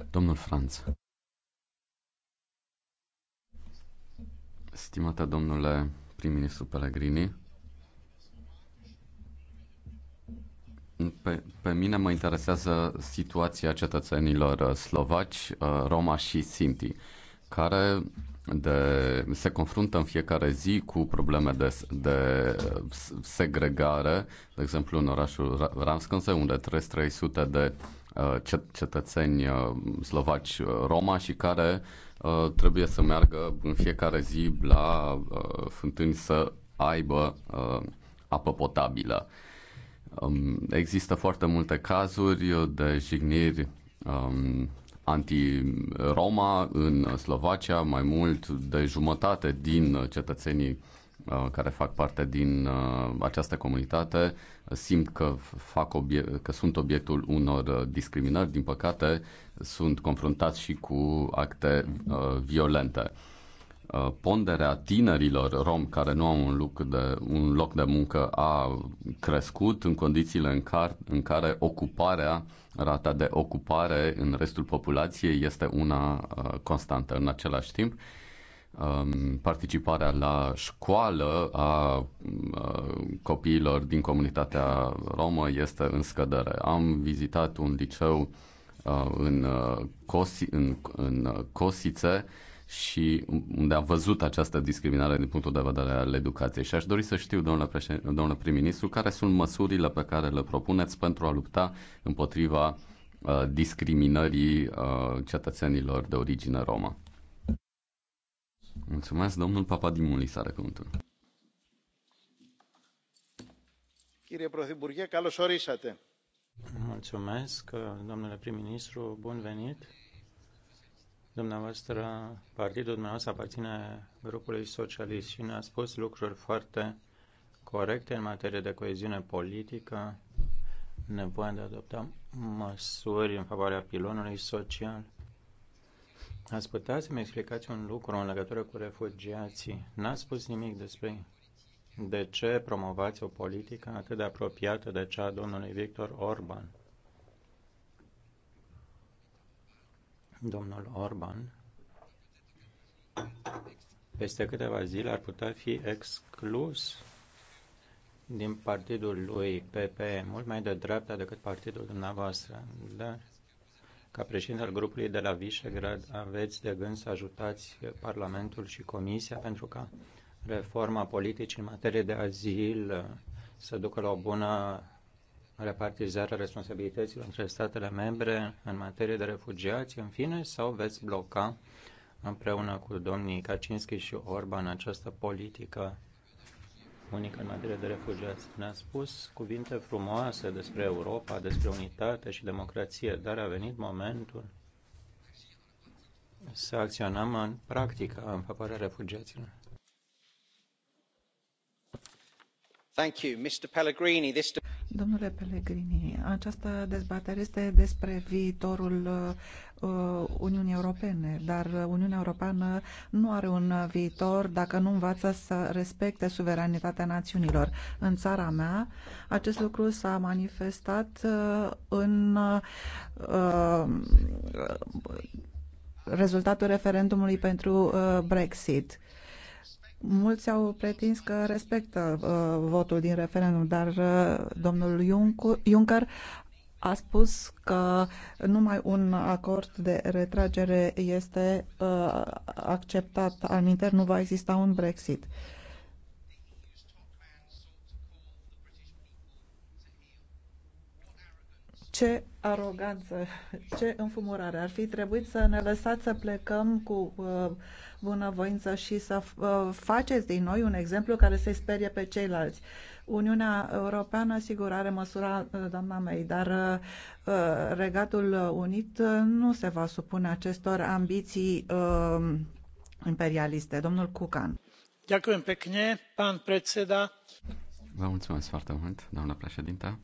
Speaker 5: Domnul Franz. Stimată domnule prim-ministru Pellegrini, Pe, pe mine mă interesează situația cetățenilor uh, slovaci, uh, Roma și Sinti, care de, se confruntă în fiecare zi cu probleme de, de uh, segregare, de exemplu în orașul Ramskense, unde trăiesc 300 de cetățeni slovaci Roma și care trebuie să meargă în fiecare zi la fântâni să aibă apă potabilă. Um, există foarte multe cazuri de jigniri um, anti-Roma în Slovacia, mai mult de jumătate din cetățenii uh, care fac parte din uh, această comunitate simt că, fac obie- că sunt obiectul unor uh, discriminări, din păcate sunt confruntați și cu acte uh, violente. Uh, ponderea tinerilor rom care nu au un loc de, un loc de muncă a crescut în condițiile în care, în care ocuparea, rata de ocupare în restul populației este una uh, constantă. În același timp, um, participarea la școală a uh, copiilor din comunitatea romă este în scădere. Am vizitat un liceu în, Cosi, în, în Cosițe, și unde am văzut această discriminare din punctul de vedere al educației. Și aș dori să știu, domnule, președ... domnule prim-ministru, care sunt măsurile pe care le propuneți pentru a lupta împotriva uh, discriminării uh, cetățenilor de origine romă. Mulțumesc, domnul Chirie are cuvântul.
Speaker 6: Mulțumesc, domnule prim-ministru, bun venit. Dumneavoastră, partidul dumneavoastră aparține grupului socialist și ne-a spus lucruri foarte corecte în materie de coeziune politică, nevoia de a adopta măsuri în favoarea pilonului social. Ați putea să-mi explicați un lucru în legătură cu refugiații. N-ați spus nimic despre de ce promovați o politică atât de apropiată de cea a domnului Victor Orban domnul Orban, peste câteva zile ar putea fi exclus din partidul lui PP, mult mai de dreapta decât partidul dumneavoastră. Dar ca președinte al grupului de la Visegrad aveți de gând să ajutați Parlamentul și Comisia pentru ca reforma politicii în materie de azil să ducă la o bună repartizarea responsabilităților între statele membre în materie de refugiați, în fine, sau veți bloca împreună cu domnii Kaczynski și Orban această politică unică în materie de refugiați. Ne-a spus cuvinte frumoase despre Europa, despre unitate și democrație, dar a venit momentul să acționăm în practică în favoarea refugiaților. Thank you, Mr. Pellegrini. This
Speaker 4: Domnule Pellegrini, această dezbatere este despre viitorul uh, Uniunii Europene, dar Uniunea Europeană nu are un viitor dacă nu învață să respecte suveranitatea națiunilor. În țara mea, acest lucru s-a manifestat uh, în uh, rezultatul referendumului pentru uh, Brexit Mulți au pretins că respectă uh, votul din referendum, dar uh, domnul Juncker a spus că numai un acord de retragere este uh, acceptat, al nu va exista un Brexit. Uh, Ce aroganță, ce înfumurare. Ar fi trebuit să ne lăsați să plecăm cu uh, bunăvoință și să uh, faceți din noi un exemplu care să-i sperie pe ceilalți. Uniunea Europeană, sigur, are măsura uh, doamna mei, dar uh, uh, Regatul Unit uh, nu se va supune acestor ambiții uh, imperialiste. Domnul Cucan.
Speaker 6: Ďakujem
Speaker 5: pekne, pán
Speaker 6: predseda.
Speaker 5: Vă mulțumesc foarte mult, doamna președintă.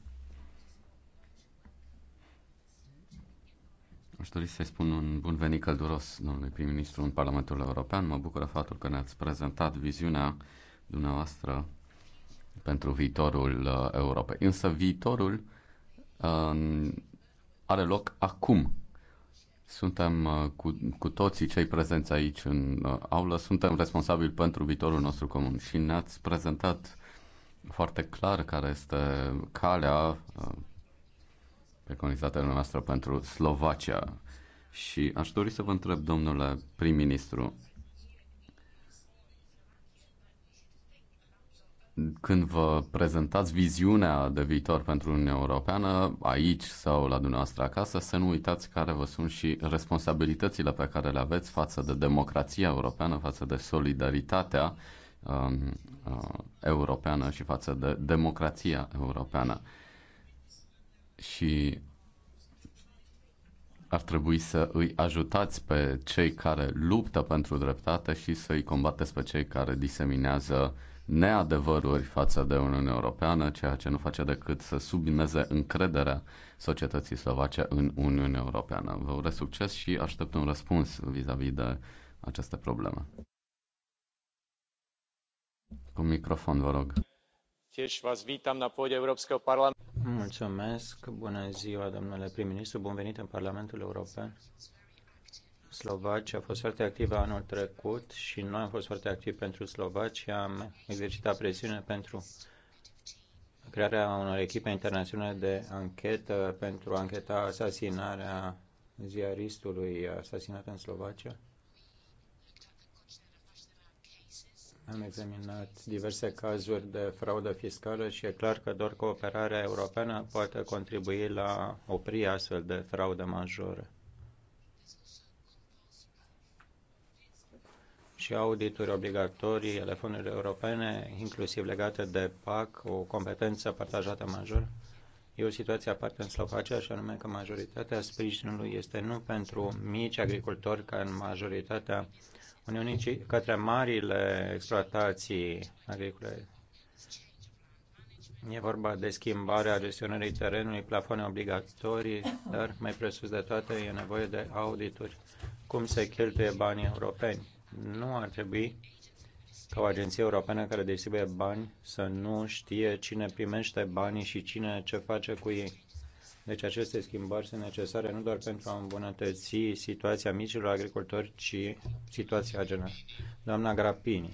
Speaker 5: Aș dori să-i spun un bun venit călduros domnului prim-ministru în Parlamentul European. Mă bucură faptul că ne-ați prezentat viziunea dumneavoastră pentru viitorul uh, Europei. Însă viitorul uh, are loc acum. Suntem uh, cu, cu toții cei prezenți aici în uh, aulă, suntem responsabili pentru viitorul nostru comun și ne-ați prezentat foarte clar care este calea uh, preconizatele noastre pentru Slovacia. Și aș dori să vă întreb, domnule prim-ministru, când vă prezentați viziunea de viitor pentru Uniunea Europeană, aici sau la dumneavoastră acasă, să nu uitați care vă sunt și responsabilitățile pe care le aveți față de democrația europeană, față de solidaritatea um, uh, europeană și față de democrația europeană. Uh, și ar trebui să îi ajutați pe cei care luptă pentru dreptate și să îi combateți pe cei care diseminează neadevăruri față de Uniunea Europeană, ceea ce nu face decât să submineze încrederea societății slovace în Uniunea Europeană. Vă urez succes și aștept un răspuns vis-a-vis -vis de aceste probleme. Cu microfon, vă rog.
Speaker 6: Mulțumesc. Bună ziua, domnule prim-ministru. Bun venit în Parlamentul European. Slovacia a fost foarte activă anul trecut și noi am fost foarte activi pentru Slovacia. Am exercitat presiune pentru crearea unor echipe internaționale de anchetă pentru a ancheta asasinarea ziaristului asasinat în Slovacia. Am examinat diverse cazuri de fraudă fiscală și e clar că doar cooperarea europeană poate contribui la opri astfel de fraudă majoră. și audituri obligatorii ale europene, inclusiv legate de PAC, o competență partajată major. E o situație aparte în Slovacia, și anume că majoritatea sprijinului este nu pentru mici agricultori, ca în majoritatea Uniunii către marile exploatații agricole. E vorba de schimbarea gestionării terenului, plafoane obligatorii, dar mai presus de toate e nevoie de audituri. Cum se cheltuie banii europeni? Nu ar trebui ca o agenție europeană care distribuie bani să nu știe cine primește banii și cine ce face cu ei. Deci aceste schimbări sunt necesare nu doar pentru a îmbunătăți situația micilor agricultori, ci situația generală. Doamna Grapini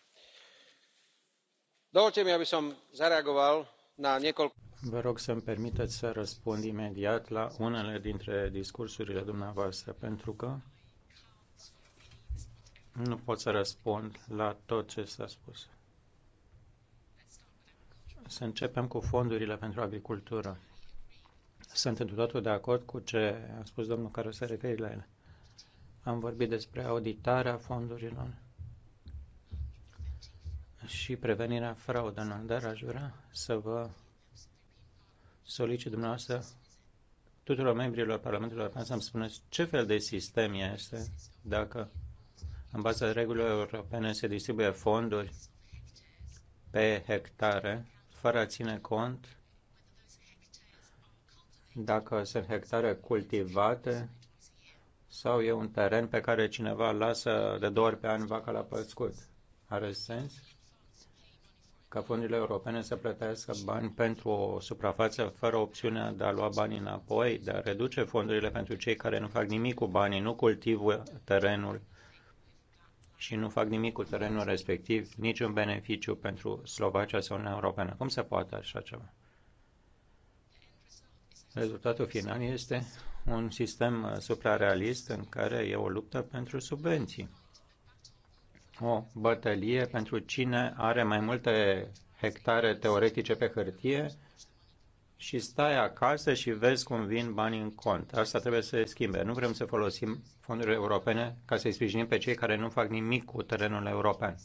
Speaker 6: dovoľte mi aby som zareagoval na niekoľko. vă rog să mi permiteți să răspund imediat la unele dintre discursurile dumneavoastră pentru că nu pot să răspund la tot ce s-a spus. Să începem cu fondurile pentru agricultură. Sunt într totul de acord cu ce a spus domnul care se referi la ele. Am vorbit despre auditarea fondurilor și prevenirea fraudelor, dar aș vrea să vă solicit dumneavoastră tuturor membrilor Parlamentului European să-mi spuneți ce fel de sistem este, dacă în baza regulilor europene se distribuie fonduri pe hectare, fără a ține cont dacă sunt hectare cultivate sau e un teren pe care cineva lasă de două ori pe an vaca la păscut. Are sens? ca fondurile europene să plătească bani pentru o suprafață fără opțiunea de a lua banii înapoi, de a reduce fondurile pentru cei care nu fac nimic cu banii, nu cultivă terenul și nu fac nimic cu terenul respectiv, niciun beneficiu pentru Slovacia sau Uniunea Europeană. Cum se poate așa ceva? Rezultatul final este un sistem suprarealist în care e o luptă pentru subvenții o bătălie pentru cine are mai multe hectare teoretice pe hârtie și stai acasă și vezi cum vin banii în cont. Asta trebuie să se schimbe. Nu vrem să folosim fonduri europene ca să-i sprijinim pe cei care nu fac nimic cu terenul european.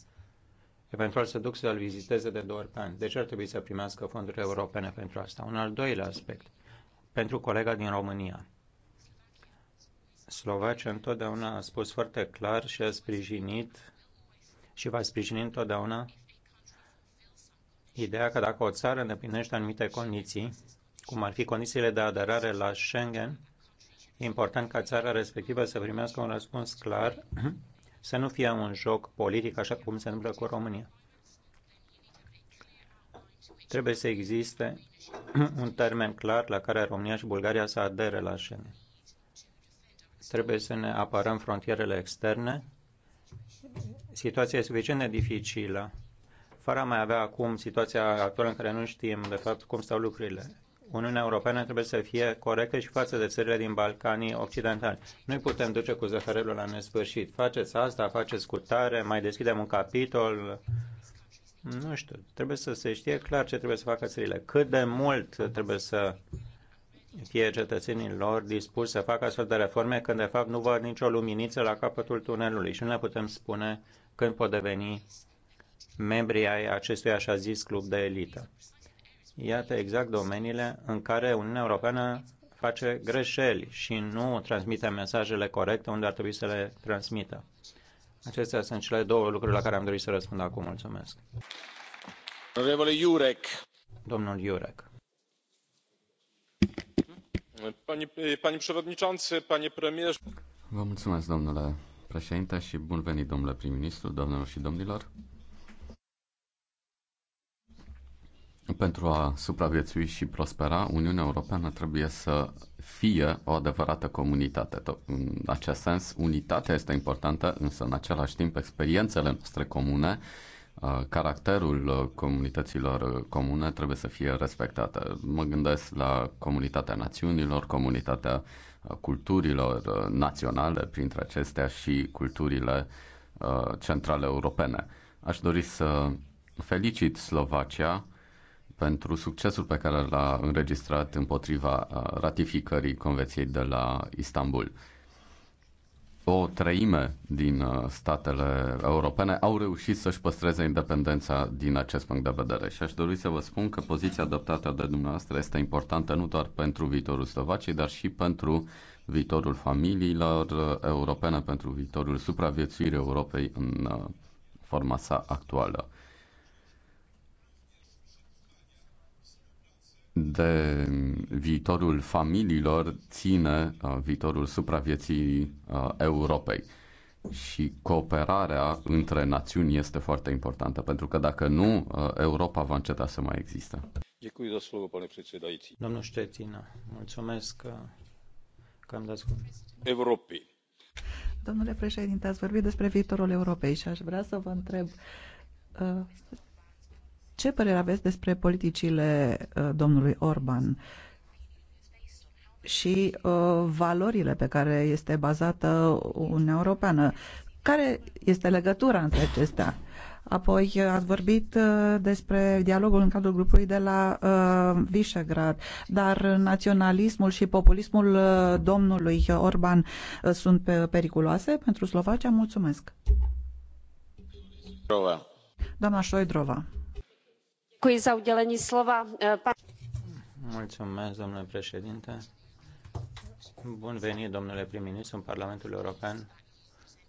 Speaker 6: Eventual să duc să-l viziteze de două ori pe an. Deci ar trebui să primească fondurile europene pentru asta. Un al doilea aspect. Pentru colega din România. Slovacia întotdeauna a spus foarte clar și a sprijinit și va sprijini întotdeauna ideea că dacă o țară îndeplinește anumite condiții, cum ar fi condițiile de aderare la Schengen, e important ca țara respectivă să primească un răspuns clar, (clears throat) să nu fie un joc politic așa cum se întâmplă cu România. Trebuie să existe (clears throat) un termen clar la care România și Bulgaria să adere la Schengen. Trebuie să ne apărăm frontierele externe situația e suficient de dificilă, fără a mai avea acum situația actuală în care nu știm, de fapt, cum stau lucrurile. Uniunea Europeană trebuie să fie corectă și față de țările din Balcanii Occidentali. Nu putem duce cu zăhărelul la nesfârșit. Faceți asta, faceți cu tare, mai deschidem un capitol. Nu știu, trebuie să se știe clar ce trebuie să facă țările. Cât de mult trebuie să fie cetățenii lor dispuși să facă astfel de reforme când de fapt nu văd nicio luminiță la capătul tunelului și nu le putem spune când pot deveni membrii ai acestui așa zis club de elită. Iată exact domeniile în care Uniunea Europeană face greșeli și nu transmite mesajele corecte unde ar trebui să le transmită. Acestea sunt cele două lucruri la care am dorit să răspund acum. Mulțumesc. Domnul Iurec.
Speaker 5: Domnul Iurec.
Speaker 6: Pani panie pani premier.
Speaker 5: Vă mulțumesc, domnule președinte și bun venit, domnule prim-ministru, doamnelor și domnilor. Pentru a supraviețui și prospera, Uniunea Europeană trebuie să fie o adevărată comunitate. În acest sens, unitatea este importantă, însă în același timp experiențele noastre comune, uh, caracterul uh, comunităților uh, comune trebuie să fie respectată. Mă gândesc la comunitatea națiunilor, comunitatea culturilor uh, naționale, printre acestea și culturile uh, centrale europene. Aș dori să felicit Slovacia pentru succesul pe care l-a înregistrat împotriva uh, ratificării Convenției de la Istanbul o treime din uh, statele europene au reușit să-și păstreze independența din acest punct de vedere. Și aș dori să vă spun că poziția adoptată de dumneavoastră este importantă nu doar pentru viitorul Slovaciei, dar și pentru viitorul familiilor uh, europene, pentru viitorul supraviețuirii Europei în uh, forma sa actuală. de viitorul familiilor ține uh, viitorul supravieții uh, Europei. Și cooperarea între națiuni este foarte importantă, pentru că dacă nu, uh, Europa va înceta să mai existe.
Speaker 6: Domnul Ștetina, mulțumesc că am dat Europei.
Speaker 4: Domnule președinte, ați vorbit despre viitorul Europei și aș vrea să vă întreb ce părere aveți despre politicile uh, domnului Orban și uh, valorile pe care este bazată Uniunea Europeană? Care este legătura între acestea? Apoi uh, ați vorbit despre dialogul în cadrul grupului de la uh, Visegrad, dar naționalismul și populismul uh, domnului Orban uh, sunt pe, periculoase pentru Slovacia? Mulțumesc. Doamna Șoidrova.
Speaker 3: Eh,
Speaker 6: Mulțumesc, domnule președinte. Bun venit, domnule prim-ministru, în Parlamentul European.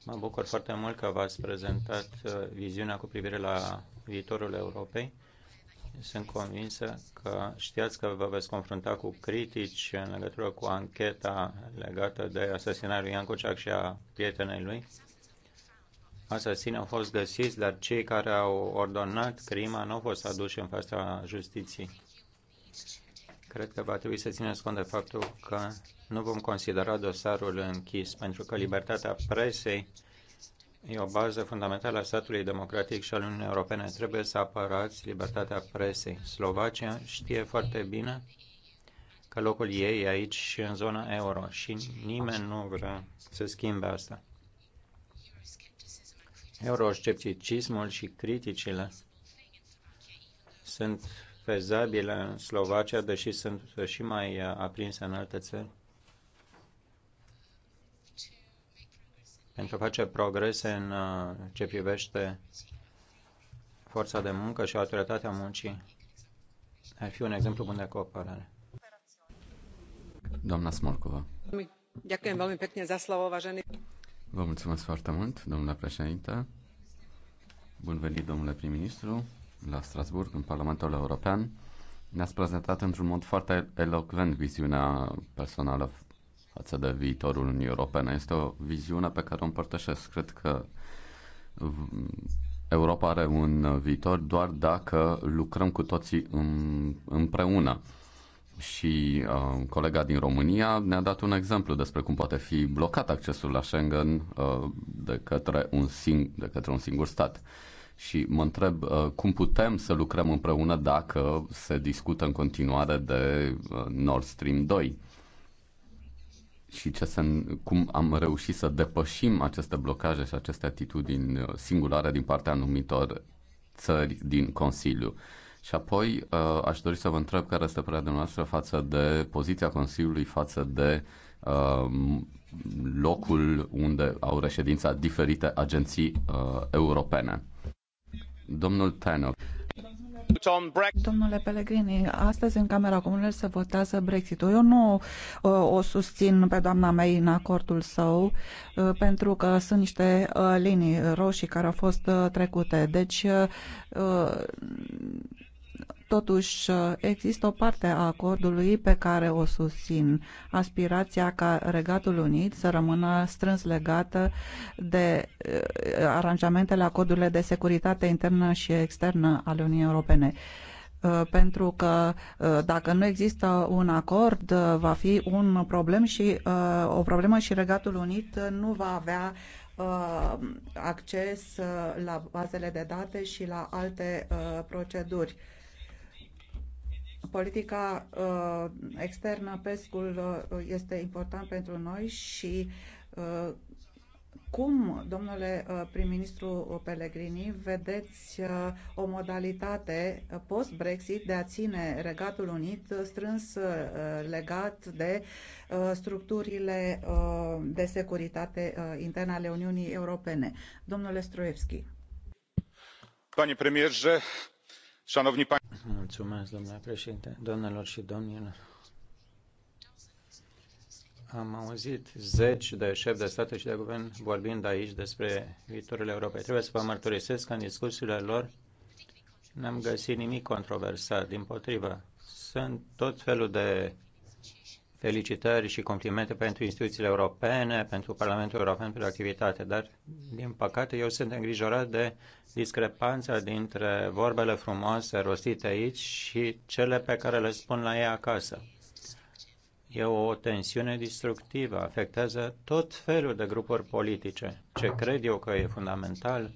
Speaker 6: Mă bucur foarte mult că v-ați prezentat eh, viziunea cu privire la viitorul Europei. Sunt convinsă că știați că vă veți confrunta cu critici în legătură cu ancheta legată de asasinarea lui Iancu Kuciak și a prietenei lui asasini au fost găsiți, dar cei care au ordonat crima nu au fost aduși în fața justiției. Cred că va trebui să țineți cont de faptul că nu vom considera dosarul închis, pentru că libertatea presei e o bază fundamentală a statului democratic și al Uniunii Europene. Trebuie să apărați libertatea presei. Slovacia știe foarte bine că locul ei e aici și în zona euro și nimeni nu vrea să schimbe asta. Euroscepticismul și criticile sunt fezabile în Slovacia, deși sunt și mai uh, aprinse în alte țări. Pentru a face progrese în uh, ce privește forța de muncă și autoritatea muncii, ar fi un exemplu bun de cooperare.
Speaker 5: Doamna Smolcova.
Speaker 7: Mulțumesc foarte mult pentru slovo,
Speaker 5: Vă mulțumesc foarte mult, domnule președinte. Bun venit, domnule prim-ministru, la Strasburg, în Parlamentul European. Ne-ați prezentat într-un mod foarte elocvent viziunea personală față de viitorul Uniunii Europene. Este o viziune pe care o împărtășesc. Cred că Europa are un viitor doar dacă lucrăm cu toții împreună și uh, colega din România ne-a dat un exemplu despre cum poate fi blocat accesul la Schengen uh, de, către un sing- de către un singur stat. Și mă întreb uh, cum putem să lucrăm împreună dacă se discută în continuare de uh, Nord Stream 2 și ce se, cum am reușit să depășim aceste blocaje și aceste atitudini uh, singulare din partea anumitor țări din Consiliu. Uh, și apoi uh, aș dori să vă întreb care este părerea dumneavoastră față de poziția Consiliului, față de uh, locul unde au reședința diferite agenții uh, europene. Domnul Tenor.
Speaker 4: Domnule Pellegrini, astăzi în Camera Comunilor se votează Brexit-ul. Eu nu o susțin pe doamna mea în acordul său, pentru că sunt niște linii roșii care au fost trecute. Deci Totuși, există o parte a acordului pe care o susțin, aspirația ca Regatul Unit să rămână strâns legată de eh, aranjamentele, acordurilor de securitate internă și externă ale Uniunii Europene eh, pentru că eh, dacă nu există un acord, va fi un problem și o problemă și Regatul Unit nu va avea acces la bazele de date și la alte proceduri. Politica uh, externă, pescul, uh, este important pentru noi și uh, cum, domnule uh, prim-ministru Pellegrini, vedeți uh, o modalitate uh, post-Brexit de a ține Regatul Unit strâns legat de structurile de securitate interne ale Uniunii Europene? Domnule Struevski. Panie premierze,
Speaker 6: domnule președinte, doamnelor și domnilor. Am auzit zeci de șefi de state și de guvern vorbind aici despre viitorul Europei. Trebuie să vă mărturisesc că în discursurile lor n-am găsit nimic controversat. Din potrivă, sunt tot felul de felicitări și complimente pentru instituțiile europene, pentru Parlamentul European, pentru activitate, dar, din păcate, eu sunt îngrijorat de discrepanța dintre vorbele frumoase rostite aici și cele pe care le spun la ei acasă. E o tensiune destructivă, afectează tot felul de grupuri politice. Ce cred eu că e fundamental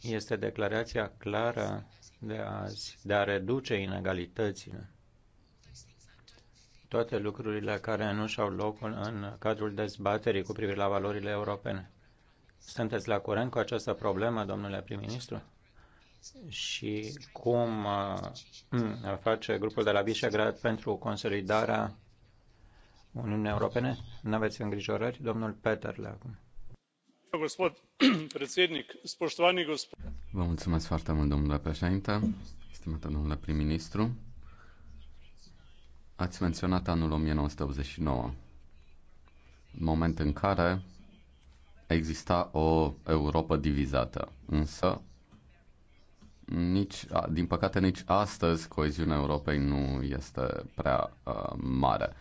Speaker 6: este declarația clară de azi de a reduce inegalitățile toate lucrurile care nu și-au locul în cadrul dezbaterii cu privire la valorile europene. Sunteți la curent cu această problemă, domnule prim-ministru? Și cum uh, mm, face grupul de la Visegrad pentru consolidarea Uniunii Europene? Nu aveți îngrijorări? Domnul Peterle acum.
Speaker 5: Vă mulțumesc foarte mult, domnule președinte, stimată domnule prim-ministru. Ați menționat anul 1989, moment în care exista o Europa divizată, însă nici, din păcate nici astăzi coeziunea Europei nu este prea uh, mare.